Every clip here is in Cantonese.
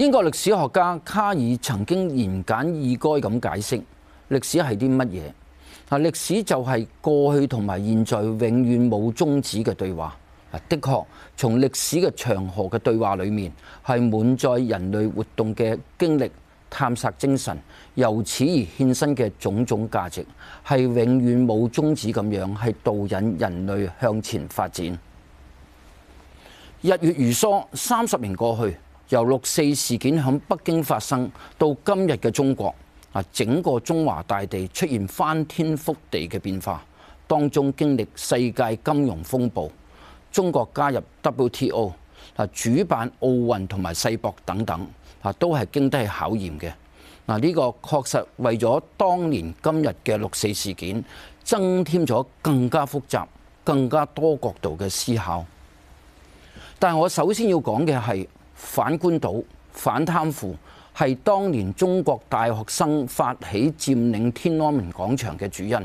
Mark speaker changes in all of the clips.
Speaker 1: 英國歷史學家卡爾曾經言簡意賅咁解釋歷史係啲乜嘢？啊，歷史就係過去同埋現在永遠冇終止嘅對話。的確，從歷史嘅長河嘅對話裏面，係滿載人類活動嘅經歷、探索精神，由此而獻身嘅種種價值，係永遠冇終止咁樣，係導引人類向前發展。日月如梭，三十年過去。由六四事件喺北京發生到今日嘅中國啊，整個中華大地出現翻天覆地嘅變化，當中經歷世界金融風暴、中國加入 WTO、主辦奧運同埋世博等等啊，都係經得起考驗嘅。嗱，呢個確實為咗當年今日嘅六四事件增添咗更加複雜更加多角度嘅思考。但係我首先要講嘅係。反官倒、反貪腐係當年中國大學生發起佔領天安門廣場嘅主因。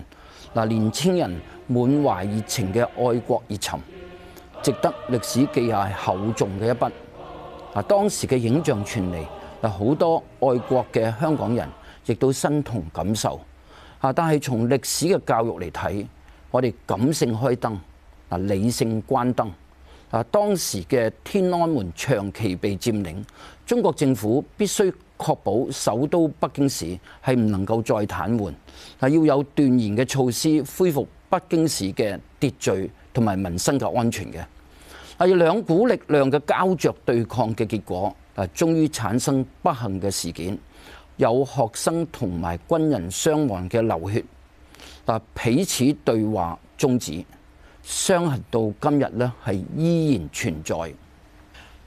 Speaker 1: 嗱，年青人滿懷熱情嘅愛國熱忱，值得歷史記下厚重嘅一筆。啊，當時嘅影像傳嚟，嗱，好多愛國嘅香港人亦都身同感受。啊，但係從歷史嘅教育嚟睇，我哋感性開燈，啊，理性關燈。啊！當時嘅天安門長期被佔領，中國政府必須確保首都北京市係唔能夠再癱瘓，啊要有斷言嘅措施恢復北京市嘅秩序同埋民生嘅安全嘅。啊，兩股力量嘅膠着對抗嘅結果，啊終於產生不幸嘅事件，有學生同埋軍人傷亡嘅流血，啊彼此對話終止。傷痕到今日呢，係依然存在。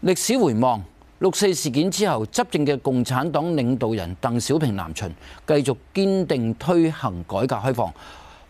Speaker 1: 歷史回望六四事件之後執政嘅共產黨領導人鄧小平南巡，繼續堅定推行改革開放。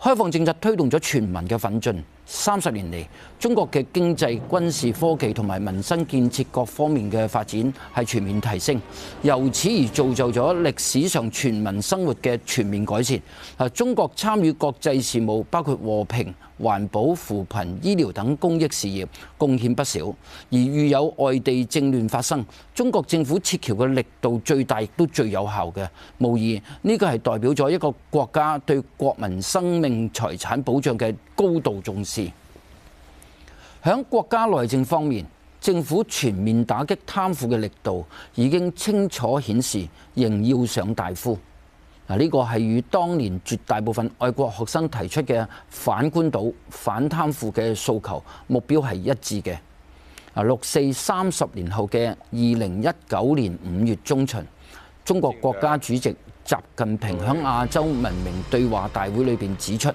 Speaker 1: 開放政策推動咗全民嘅奮進。三十年嚟，中國嘅經濟、軍事、科技同埋民生建設各方面嘅發展係全面提升，由此而造就咗歷史上全民生活嘅全面改善。啊，中國參與國際事務，包括和平。環保、扶貧、醫療等公益事業貢獻不少，而遇有外地政亂發生，中國政府撤僑嘅力度最大亦都最有效嘅，無疑呢個係代表咗一個國家對國民生命財產保障嘅高度重視。喺國家內政方面，政府全面打擊貪腐嘅力度已經清楚顯示，仍要上大夫。嗱，呢個係與當年絕大部分外國學生提出嘅反官倒、反貪腐嘅訴求目標係一致嘅。嗱，六四三十年後嘅二零一九年五月中旬，中國國家主席習近平喺亞洲文明對話大會裏面指出：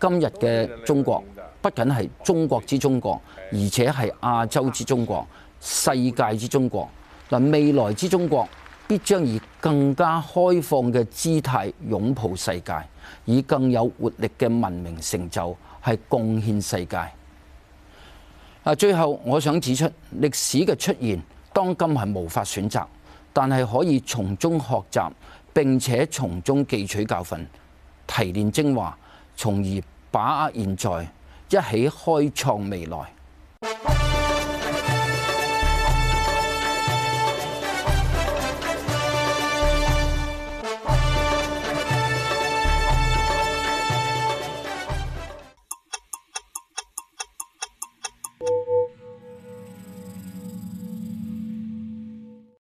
Speaker 1: 今日嘅中國不僅係中國之中國，而且係亞洲之中國、世界之中國、未來之中國。必將以更加開放嘅姿態擁抱世界，以更有活力嘅文明成就係貢獻世界。啊，最後我想指出，歷史嘅出現當今係無法選擇，但係可以從中學習並且從中汲取教訓，提煉精華，從而把握現在，一起開創未來。